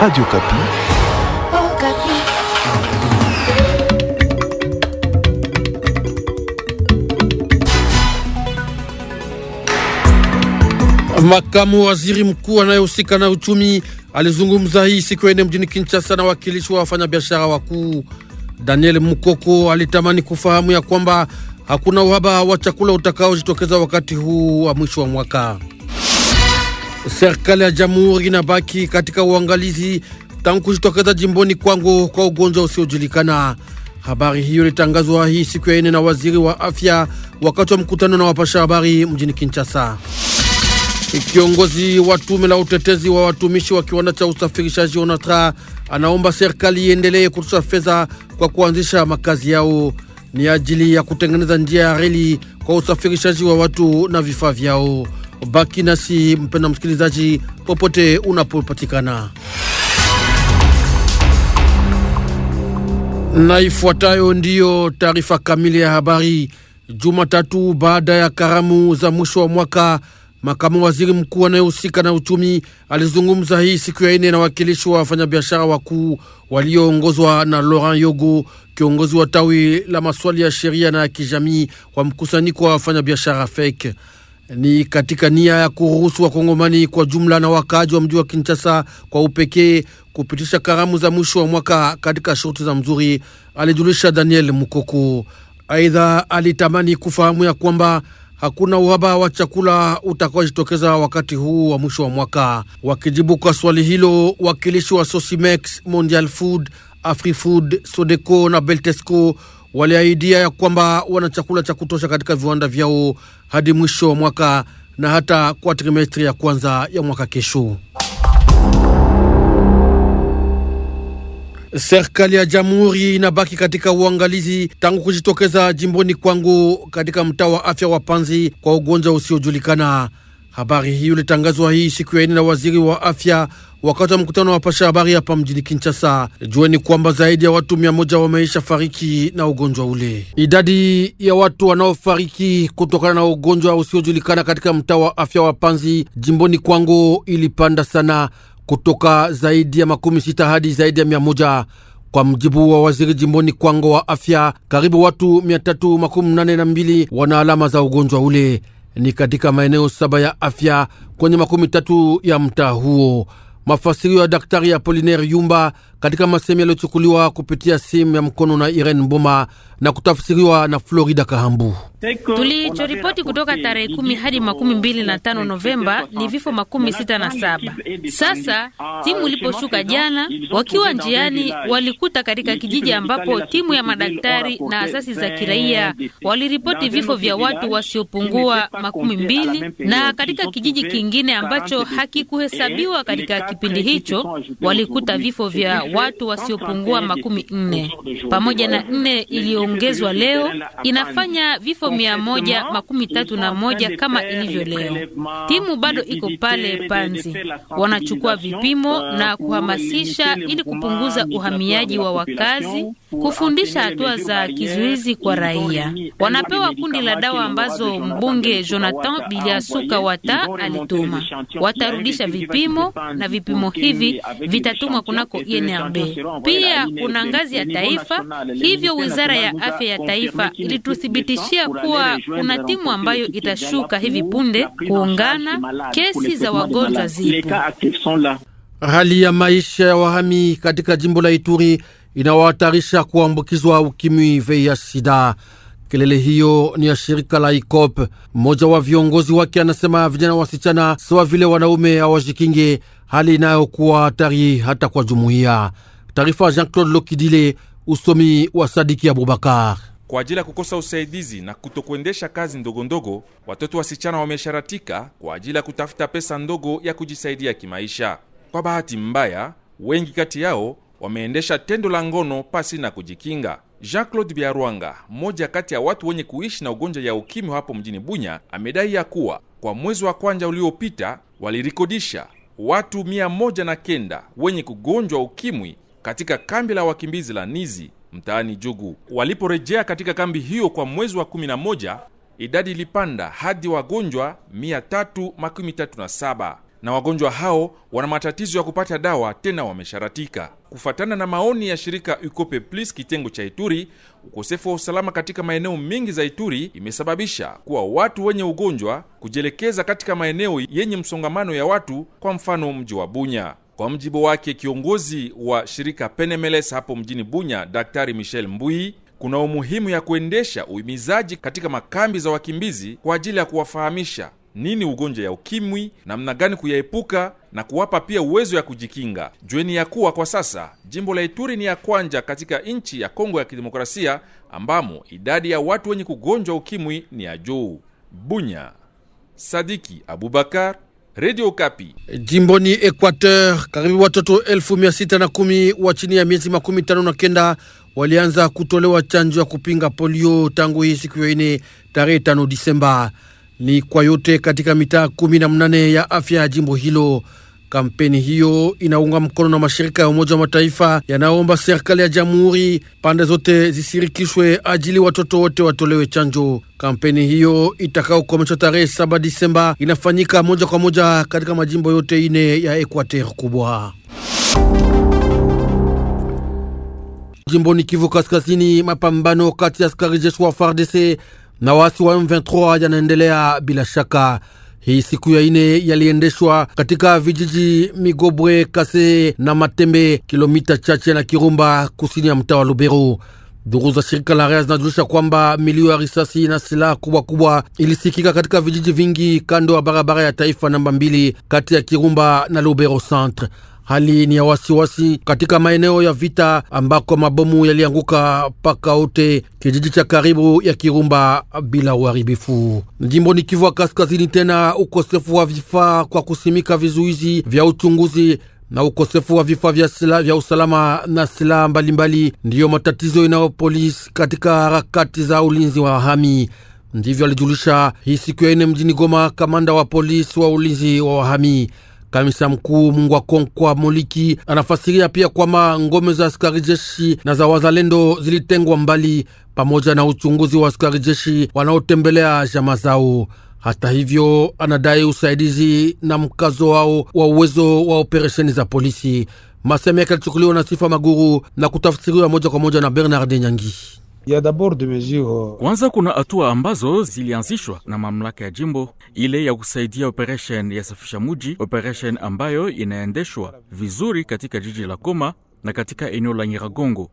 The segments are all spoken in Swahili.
Radio Kapi. Oh, Kapi. Makamu waziri mkuu anayehusika na uchumi alizungumza hii siku ene mjini Kinshasa na wakilishi wa wafanyabiashara wakuu. Daniel Mukoko alitamani kufahamu ya kwamba hakuna uhaba wa chakula utakaojitokeza wakati huu wa mwisho wa mwaka. Serikali ya jamhuri inabaki katika uangalizi tangu kujitokeza jimboni kwangu kwa ugonjwa usiojulikana. Habari hiyo ilitangazwa hii siku ya ine na waziri wa afya wakati wa mkutano na wapasha habari mjini Kinshasa. Kiongozi wa tume la utetezi wa watumishi wa kiwanda cha usafirishaji ONATRA anaomba serikali iendelee kutosha fedha kwa kuanzisha makazi yao, ni ajili ya kutengeneza njia ya reli kwa usafirishaji wa watu na vifaa vyao. Baki nasi mpenda msikilizaji, popote unapopatikana, na ifuatayo ndiyo taarifa kamili ya habari. Jumatatu baada ya karamu za mwisho wa mwaka, makamu waziri mkuu anayehusika na uchumi alizungumza hii siku ya ine na wakilishi wa wafanyabiashara wakuu walioongozwa na Laurent Yogo, kiongozi wa tawi la maswali ya sheria na ya kijamii kwa mkusanyiko wa wafanyabiashara fek ni katika nia ya kuruhusu wakongomani kwa jumla na wakaaji wa mji wa Kinshasa kwa upekee kupitisha karamu za mwisho wa mwaka katika shurti za mzuri, alijulisha Daniel Mukoku. Aidha, alitamani kufahamu ya kwamba hakuna uhaba wa chakula utakaojitokeza wakati huu wa mwisho wa mwaka. Wakijibu kwa swali hilo, wakilishi wa Sosimex, Mondial Food, AfriFood, Sodeco na Beltesco waliahidia ya kwamba wana chakula cha kutosha katika viwanda vyao hadi mwisho wa mwaka na hata kwa trimestri ya kwanza ya mwaka kesho. Serikali ya jamhuri inabaki katika uangalizi tangu kujitokeza jimboni kwangu katika mtaa wa afya wa Panzi kwa ugonjwa usiojulikana. Habari hii ilitangazwa hii siku ya ine na waziri wa afya wakati wa mkutano wa pasha habari hapa mjini Kinshasa. Jueni kwamba zaidi ya watu mia moja wameisha fariki na ugonjwa ule. Idadi ya watu wanaofariki kutokana na ugonjwa usiojulikana katika mtaa wa afya wa Panzi jimboni Kwango ilipanda sana kutoka zaidi ya makumi sita hadi zaidi ya mia moja kwa mjibu wa waziri jimboni Kwango wa afya. Karibu watu mia tatu makumi nane na mbili wana alama za ugonjwa ule, ni katika maeneo saba ya afya kwenye makumi tatu ya mtaa huo. Mafasirio ya Daktari Apolinaire Yumba katika masemi yaliyochukuliwa kupitia simu ya mkono na Irene Mboma na kutafsiriwa na Florida Kahambu. Tulichoripoti kutoka tarehe kumi hadi makumi mbili na tano Novemba ni vifo makumi sita na saba. Sasa timu iliposhuka jana, wakiwa njiani, walikuta katika kijiji ambapo timu ya madaktari na asasi za kiraia waliripoti vifo vya watu wasiopungua makumi mbili na katika kijiji kingine ambacho hakikuhesabiwa katika kipindi hicho walikuta vifo vya watu wasiopungua makumi nne pamoja na nne iliyoongezwa leo, inafanya vifo mia moja makumi tatu na moja kama ilivyo leo. Timu bado iko pale Panzi, wanachukua vipimo na kuhamasisha ili kupunguza uhamiaji wa wakazi, kufundisha hatua za kizuizi kwa raia. Wanapewa kundi la dawa ambazo mbunge Jonathan Biliasuka Wata alituma. Watarudisha vipimo na vipimo hivi vitatumwa kunako INA. Nyambe. Pia kuna ngazi ya taifa, hivyo wizara ya afya ya taifa ilituthibitishia kuwa kuna timu ambayo itashuka hivi punde kuungana kesi za wagonjwa zipo. Hali ya maisha ya wahami katika jimbo la Ituri inawahatarisha kuambukizwa ukimwi, VIH, sida. Kelele hiyo ni ya shirika la ICOP. Mmoja wa viongozi wake anasema vijana wasichana sawa vile wanaume hawajikinge hali inayokuwa hatari hata kwa jumuiya. Taarifa Jean-Claude Lokidile, usomi wa Sadiki Abubakar. Kwa ajili ya kukosa usaidizi na kutokuendesha kazi ndogondogo, watoto wasichana wamesharatika kwa ajili ya kutafuta pesa ndogo ya kujisaidia kimaisha. Kwa bahati mbaya, wengi kati yao wameendesha tendo la ngono pasi na kujikinga. Jean-Claude Biarwanga, mmoja kati ya watu wenye kuishi na ugonjwa ya ukimwi hapo mjini Bunya, amedai ya kuwa kwa mwezi wa kwanza uliopita walirikodisha watu mia moja na kenda wenye kugonjwa ukimwi katika kambi la wakimbizi la Nizi mtaani Jugu. Waliporejea katika kambi hiyo kwa mwezi wa 11, idadi ilipanda hadi wagonjwa 337 na wagonjwa hao wana matatizo ya kupata dawa, tena wamesharatika. Kufatana na maoni ya shirika Ukope Plus kitengo cha Ituri, ukosefu wa usalama katika maeneo mengi za Ituri imesababisha kuwa watu wenye ugonjwa kujielekeza katika maeneo yenye msongamano ya watu, kwa mfano mji wa Bunya. Kwa mjibu wake kiongozi wa shirika Penemeles hapo mjini Bunya, Daktari Michel Mbui, kuna umuhimu ya kuendesha uhimizaji katika makambi za wakimbizi kwa ajili ya kuwafahamisha nini ugonjwa ya ukimwi, namna gani kuyaepuka na kuwapa pia uwezo ya kujikinga. Jueni ya kuwa kwa sasa jimbo la Ituri ni ya kwanja katika nchi ya Kongo ya Kidemokrasia ambamo idadi ya watu wenye kugonjwa ukimwi ni ya juu. Bunya Sadiki Abubakar, Radio Kapi. Jimboni Equateur, karibu watoto elfu mia sita na kumi wa chini ya miezi makumi tano na kenda walianza kutolewa chanjo ya kupinga polio tangu hii siku ya ine tarehe tano Disemba ni kwa yote katika mitaa mnane ya afya ya jimbo hilo. Kampeni hiyo inaunga mkono na mashirika ya Umoja wa Mataifa yanaomba serikali ya jamhuri pande zote zisirikishwe ajili watoto wote watolewe chanjo. Kampeni hiyo itakayokomeshwa tarehe saba Disemba inafanyika moja kwa moja katika majimbo yote ine ya Ekuater kubwa. Jimboni Kivu Kaskazini, mapambano kati ya askari jeshi wa FARDC na waasi wa M23 yanaendelea bila shaka. Hii siku ya ine yaliendeshwa katika vijiji Migobwe, Kase na Matembe, kilomita chache na Kirumba, kusini ya mtaa wa Luberu. Dhuru za shirika la REA zinajulisha kwamba milio ya risasi na silaha kubwa kubwa ilisikika katika vijiji vingi kando ya barabara ya taifa namba mbili kati ya Kirumba na Lubero centre. Hali ni ya wasiwasi katika maeneo ya vita ambako mabomu yalianguka paka ote kijiji cha karibu ya Kirumba bila uharibifu. Jimboni Kivu Kaskazini, tena ukosefu wa vifaa kwa kusimika vizuizi vya uchunguzi na ukosefu wa vifaa vya, vya usalama na silaha mbalimbali ndiyo matatizo inayo polisi katika harakati za ulinzi wa wahami. Ndivyo alijulisha hii siku ya ine mjini Goma kamanda wa polisi wa ulinzi wa wahami. Kamisa mkuu Mungwa Konkwa Moliki anafasiria pia kwamba ngome za askari jeshi na za wazalendo zilitengwa mbali, pamoja na uchunguzi wa askari jeshi wanaotembelea jama zao. Hata hivyo, anadai usaidizi na mkazo wao wa uwezo wa operesheni za polisi. Maseme yake alichukuliwa na Sifa Maguru na kutafsiriwa moja kwa moja na Bernard Nyangi. Kwanza kuna hatua ambazo zilianzishwa na mamlaka ya jimbo ile ya kusaidia operation ya safisha muji, operation ambayo inaendeshwa vizuri katika jiji la koma na katika eneo la Nyiragongo.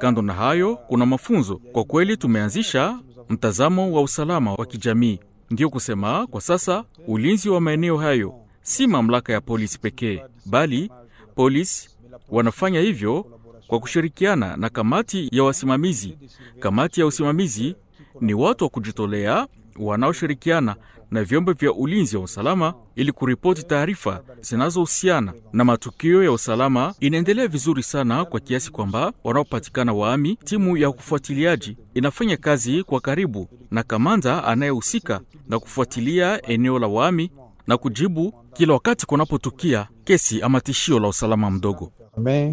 Kando na hayo, kuna mafunzo. Kwa kweli tumeanzisha mtazamo wa usalama wa kijamii, ndiyo kusema kwa sasa ulinzi wa maeneo hayo si mamlaka ya polisi pekee, bali polisi wanafanya hivyo kwa kushirikiana na kamati ya wasimamizi. Kamati ya usimamizi ni watu wa kujitolea wanaoshirikiana na vyombo vya ulinzi wa usalama ili kuripoti taarifa zinazohusiana na matukio ya usalama. Inaendelea vizuri sana kwa kiasi kwamba wanaopatikana waami, timu ya kufuatiliaji inafanya kazi kwa karibu na kamanda anayehusika na kufuatilia eneo la waami na kujibu kila wakati kunapotukia kesi ama tishio la usalama mdogo a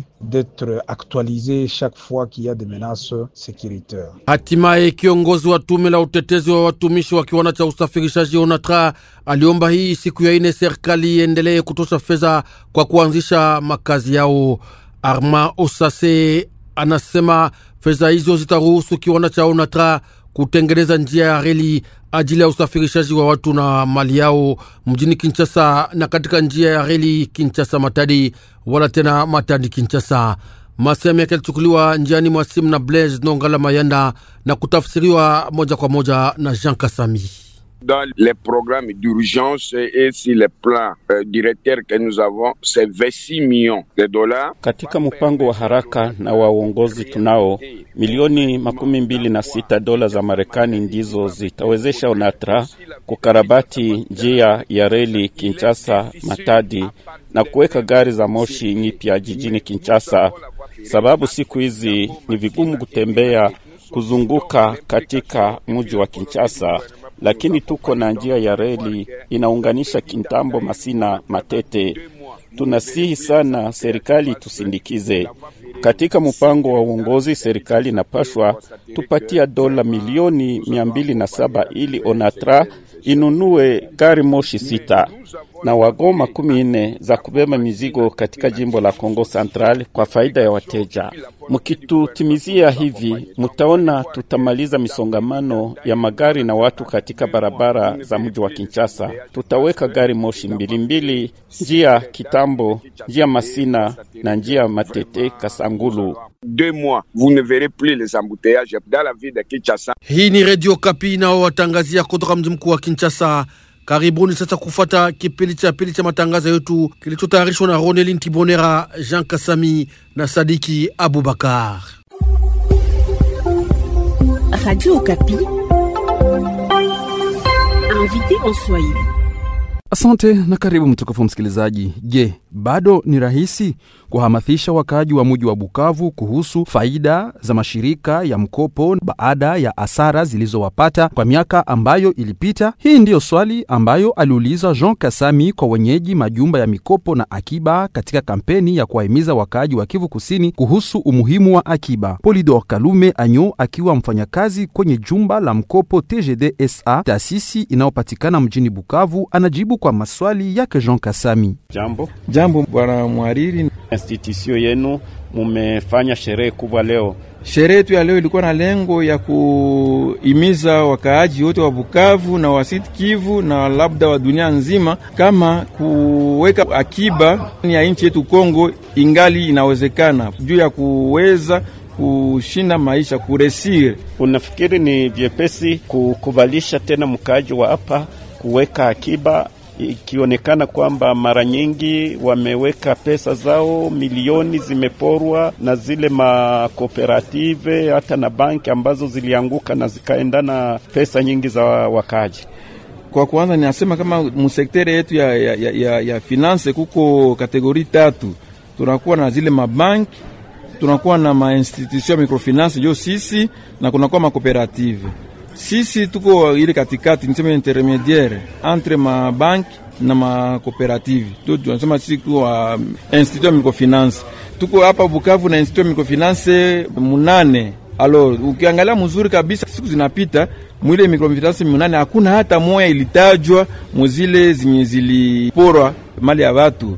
Hatimaye kiongozi wa tume la utetezi wa watumishi wa kiwanda cha usafirishaji ONATRA aliomba hii siku ya ine serikali iendelee kutosha fedha kwa kuanzisha makazi yao. arma Osase anasema fedha hizo zitaruhusu kiwanda cha ONATRA kutengeneza njia ya reli ajili ya usafirishaji wa watu na mali yao mjini Kinshasa na katika njia ya reli Kinshasa Matadi wala tena Matadi Kinshasa. Masehemu yake yalichukuliwa njiani mwa simu na Blaise Nongala Mayanda na kutafsiriwa moja kwa moja na Jean Kasami dans les programmes d'urgence et sur les plans euh, directeurs que nous avons c'est 26 millions de dollars. Katika mpango wa haraka na wa uongozi tunao milioni makumi mbili na sita dola za Marekani ndizo zitawezesha ONATRA kukarabati njia ya reli Kinshasa Matadi na kuweka gari za moshi nyipya jijini Kinshasa, sababu siku hizi ni vigumu kutembea kuzunguka katika mji wa Kinshasa lakini tuko na njia ya reli inaunganisha Kintambo, Masina, Matete. Tunasihi sana serikali tusindikize katika mpango wa uongozi, serikali inapashwa tupatia dola milioni 207 ili Onatra inunue gari moshi sita na wagoma kumi nne za kubeba mizigo katika jimbo la Kongo Central kwa faida ya wateja. Mkitutimizia hivi, mutaona tutamaliza misongamano ya magari na watu katika barabara za mji wa Kinshasa. Tutaweka gari moshi mbili mbili, njia Kitambo, njia Masina na njia Matete Kasanga. Ngulu. Deux Hii ni Radio Kapi inayowatangazia kutoka mji mkuu wa Kinshasa. Karibuni sasa kufata kipindi cha pili cha matangazo yetu kilichotayarishwa na Ronelin Tibonera, Jean Kasami na Sadiki Abubakar. Asante na karibu mtukufu msikilizaji. Je, bado ni rahisi kuhamasisha wakaaji wa muji wa Bukavu kuhusu faida za mashirika ya mkopo baada ya asara zilizowapata kwa miaka ambayo ilipita? Hii ndiyo swali ambayo aliuliza Jean Kasami kwa wenyeji majumba ya mikopo na akiba katika kampeni ya kuwahimiza wakaaji wa Kivu Kusini kuhusu umuhimu wa akiba. Polidor Kalume Anyo akiwa mfanyakazi kwenye jumba la mkopo TGD SA, taasisi inayopatikana mjini Bukavu, anajibu kwa maswali yake Jean Kasami. Jambo. Jambo. Jambo bwana mwariri, institusio yenu mumefanya sherehe kubwa leo. Sherehe yetu ya leo ilikuwa na lengo ya kuhimiza wakaaji wote wa Bukavu na wa Sud Kivu na labda wa dunia nzima, kama kuweka akiba ya nchi yetu Kongo ingali inawezekana juu ya kuweza kushinda maisha kuresire. Unafikiri ni vyepesi kukubalisha tena mkaaji wa hapa kuweka akiba ikionekana kwamba mara nyingi wameweka pesa zao, milioni zimeporwa na zile makooperative hata na banki ambazo zilianguka na zikaendana pesa nyingi za wakaji. Kwa kwanza ninasema kama musekteri yetu ya, ya, ya, ya, ya finance kuko kategori tatu, tunakuwa na zile mabanki, tunakuwa na mainstitution ya microfinance jo sisi na kunakuwa makooperative sisi tuko ile katikati, niseme intermediaire entre ma mabanki na ma makooperative. Tunasema sisi kwa institut ya microfinance, tuko hapa Bukavu na institut ya microfinance munane. Alo, ukiangalia mzuri kabisa, siku zinapita mwile microfinance munane hakuna hata moya ilitajwa mwezile zinye ziliporwa mali ya watu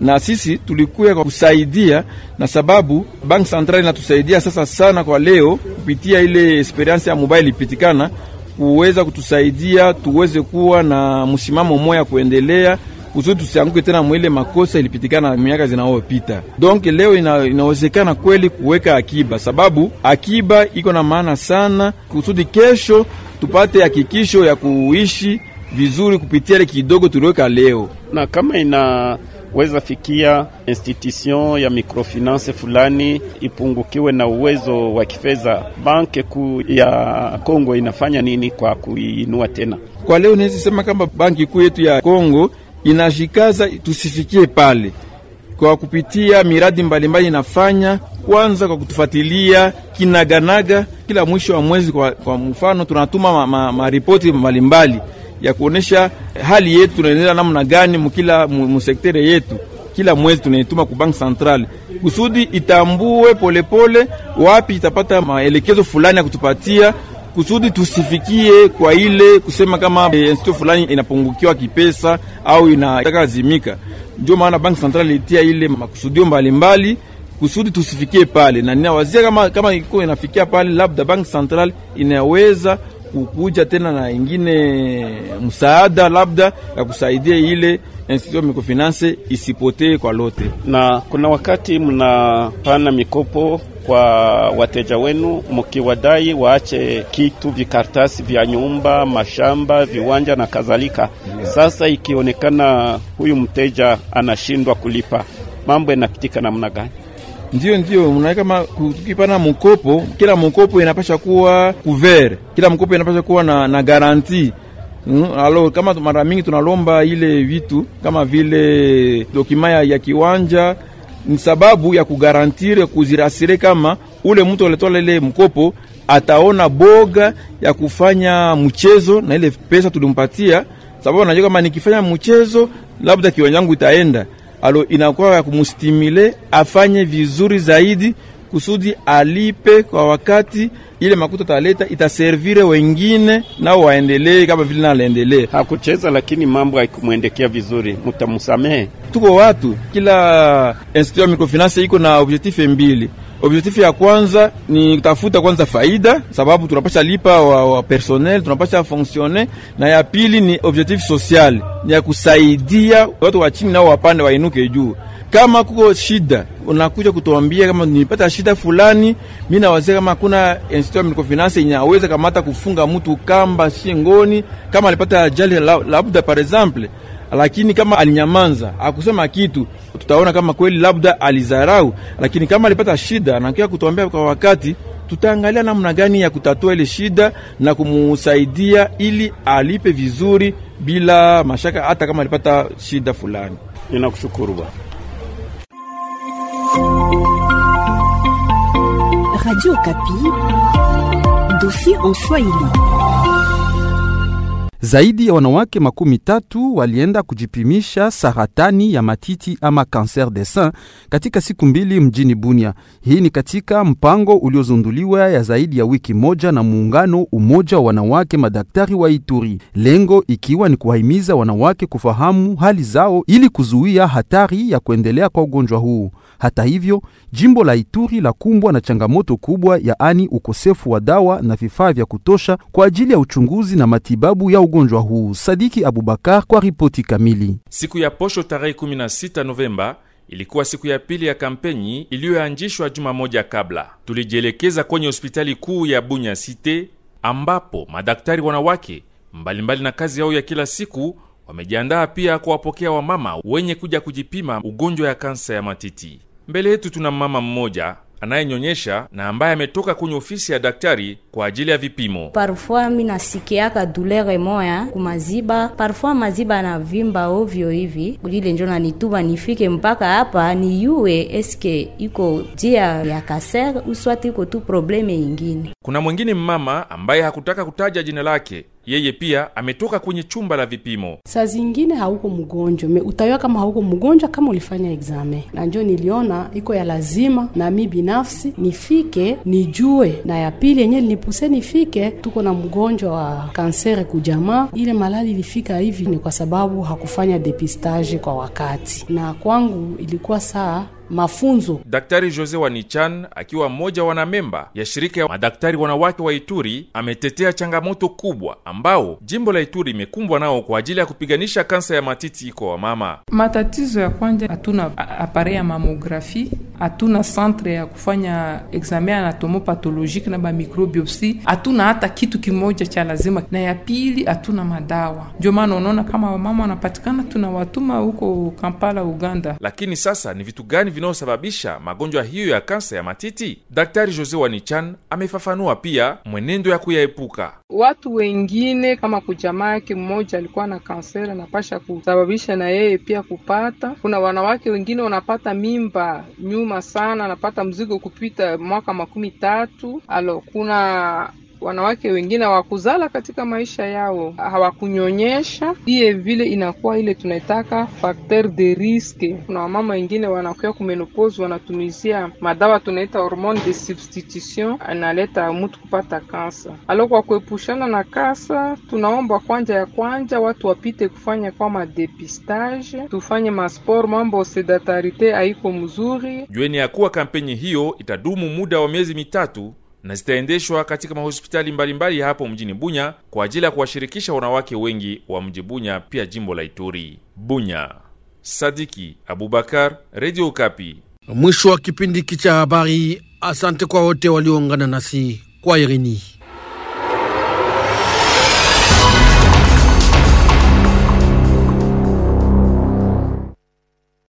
na sisi tulikuya kwa kusaidia, na sababu bank central inatusaidia sasa sana kwa leo kupitia ile experience ya mobile ipitikana kuweza kutusaidia tuweze kuwa na msimamo moya kuendelea kusudi tusianguke tena mwile makosa ilipitikana miaka zinayopita. Donc leo ina, inawezekana kweli kuweka akiba, sababu akiba iko na maana sana kusudi kesho tupate hakikisho ya, ya kuishi vizuri kupitia ile kidogo tuliweka leo, na kama ina weza fikia institution ya microfinance fulani ipungukiwe na uwezo wa kifedha. Banki kuu ya Kongo inafanya nini kwa kuinua tena? Kwa leo naweza sema kama banki kuu yetu ya Kongo inajikaza tusifikie pale kwa kupitia miradi mbalimbali inafanya kwanza kwa kutufuatilia kinaganaga kila mwisho wa mwezi. Kwa, kwa mfano tunatuma maripoti ma, ma mbalimbali ya kuonesha hali yetu tunaendelea namna gani mkila musektere yetu kila mwezi tunaituma ku bank central kusudi itambue polepole pole, wapi itapata maelekezo fulani ya kutupatia kusudi tusifikie kwa ile kusema kama e, fulani inapungukiwa kipesa au inataka azimika. Ndio maana bank centrale ilitia ile makusudio mbalimbali mbali, kusudi tusifikie pale, na ninawazia kama, kama iko inafikia pale, labda bank central inaweza kukuja tena na ingine msaada labda ya kusaidia ile institution ya microfinance isipotee kwa lote. Na kuna wakati mnapana mikopo kwa wateja wenu mkiwadai waache kitu vikartasi vya nyumba, mashamba, viwanja na kadhalika. Sasa ikionekana huyu mteja anashindwa kulipa, mambo yanapitika namna gani? ndio ndio, mnae kama tukipana mkopo, kila mkopo inapasha kuwa kuvere, kila mkopo inapasha kuwa na, na garanti Mm, alo kama mara mingi tunalomba ile vitu kama vile dokima ya kiwanja, ni sababu ya kugarantire kuzirasire kama ule mtu aletola ile mkopo ataona boga ya kufanya mchezo na ile pesa tulimpatia, sababu anajua kama nikifanya mchezo labda kiwanja kiwanjangu itaenda alo inakuwa ya kumustimile afanye vizuri zaidi kusudi alipe kwa wakati. Ile makuta taleta itaservire wengine nao waendelee kama vile nalendelee. Hakucheza lakini mambo haikumwendekea vizuri, mutamusamehe. Tuko watu, kila institution ya microfinance iko na objectif mbili Objektifu ya kwanza ni kutafuta kwanza faida, sababu tunapasha lipa wa, wa personnel, tunapasha fonksione. Na ya pili ni objektifu social, ni ya kusaidia watu wa chini nao wapande wainuke juu. Kama kuko shida unakuja kutuambia, kama nilipata shida fulani, mimi nawazia kama kuna institut ya microfinance inaweza kamata kufunga mtu kamba shingoni, kama alipata ajali labda la, par exemple lakini kama alinyamaza akusema kitu, tutaona kama kweli labda alizarau. Lakini kama alipata shida nakia kutuambia kwa wakati, tutaangalia namna gani ya kutatua ile shida na kumusaidia ili alipe vizuri bila mashaka, hata kama alipata shida fulani. Ninakushukuru bwana. Radio Kapi, dossier en Swahili. Zaidi ya wanawake makumi tatu walienda kujipimisha saratani ya matiti ama cancer de sein katika siku mbili mjini Bunia. Hii ni katika mpango uliozunduliwa ya zaidi ya wiki moja na muungano umoja wa wanawake madaktari wa Ituri, lengo ikiwa ni kuwahimiza wanawake kufahamu hali zao ili kuzuia hatari ya kuendelea kwa ugonjwa huu. Hata hivyo, jimbo la Ituri la kumbwa na changamoto kubwa, yaani ukosefu wa dawa na vifaa vya kutosha kwa ajili ya uchunguzi na matibabu ya ugonjwa ugonjwa huu. Sadiki Abubakar kwa ripoti kamili. Siku ya posho tarehe 16 Novemba ilikuwa siku ya pili ya kampeni iliyoanzishwa juma moja kabla. Tulijielekeza kwenye hospitali kuu ya Bunya Site ambapo madaktari wanawake mbalimbali mbali na kazi yao ya kila siku wamejiandaa pia kuwapokea wamama wenye kuja kujipima ugonjwa ya kansa ya matiti. Mbele yetu tuna mama mmoja anayenyonyesha na ambaye ametoka kwenye ofisi ya daktari kwa ajili ya vipimo. Parfois mi nasikiaka douleur moya kumaziba, parfois maziba na vimba ovyo hivi, lile njo nanituma nifike mpaka hapa niyue eske iko jia ya kaser uswati iko tu probleme ingine. Kuna mwingine mmama ambaye hakutaka kutaja jina lake yeye pia ametoka kwenye chumba la vipimo. Saa zingine hauko mgonjwa me utayua kama hauko mgonjwa kama ulifanya egzame, na njo niliona iko ya lazima na mi binafsi nifike nijue, na ya pili yenye linipuse nifike, tuko na mgonjwa wa kansere kujamaa. Ile malali ilifika hivi ni kwa sababu hakufanya depistage kwa wakati, na kwangu ilikuwa saa mafunzo. Daktari Jose Wanichan akiwa mmoja wanamemba ya shirika ya madaktari wanawake wa Ituri ametetea changamoto kubwa ambao jimbo la Ituri imekumbwa nao kwa ajili ya kupiganisha kansa ya matiti kwa wamama. Matatizo ya kwanza, hatuna apare ya mamografi, hatuna centre ya kufanya examen anatomopathologike na bamikrobiopsi hatuna hata kitu kimoja cha lazima, na ya pili hatuna madawa. Ndio maana unaona kama wamama wanapatikana, tunawatuma huko Kampala, Uganda. Lakini sasa ni vitu gani vinayosababisha magonjwa hiyo ya kansa ya matiti. Daktari Jose Wanichan amefafanua pia mwenendo ya kuyaepuka. Watu wengine kama kujamaa yake mmoja alikuwa na kanser anapasha kusababisha na yeye pia kupata. Kuna wanawake wengine wanapata mimba nyuma sana, anapata mzigo kupita mwaka makumi tatu. Alo, kuna wanawake wengine hawakuzala katika maisha yao, hawakunyonyesha, iye vile inakuwa ile tunaitaka facteur de risque. Kuna wamama wengine wanakuwa kumenopozi wanatumizia madawa tunaita hormone de substitution, analeta mtu kupata kansa. Alo, kwa kuepushana na kansa, tunaomba kwanja ya kwanja watu wapite kufanya kwa madepistage, tufanye masport, mambo sedatarite haiko mzuri. Jueni ya kuwa kampeni hiyo itadumu muda wa miezi mitatu na zitaendeshwa katika mahospitali mbalimbali mbali hapo mjini Bunya kwa ajili ya kuwashirikisha wanawake wengi wa mji Bunya, pia jimbo la Ituri. Bunya, Sadiki Abubakar, Radio Kapi. Mwisho wa kipindi hiki cha habari. Asante kwa wote walioungana nasi kwa Irini.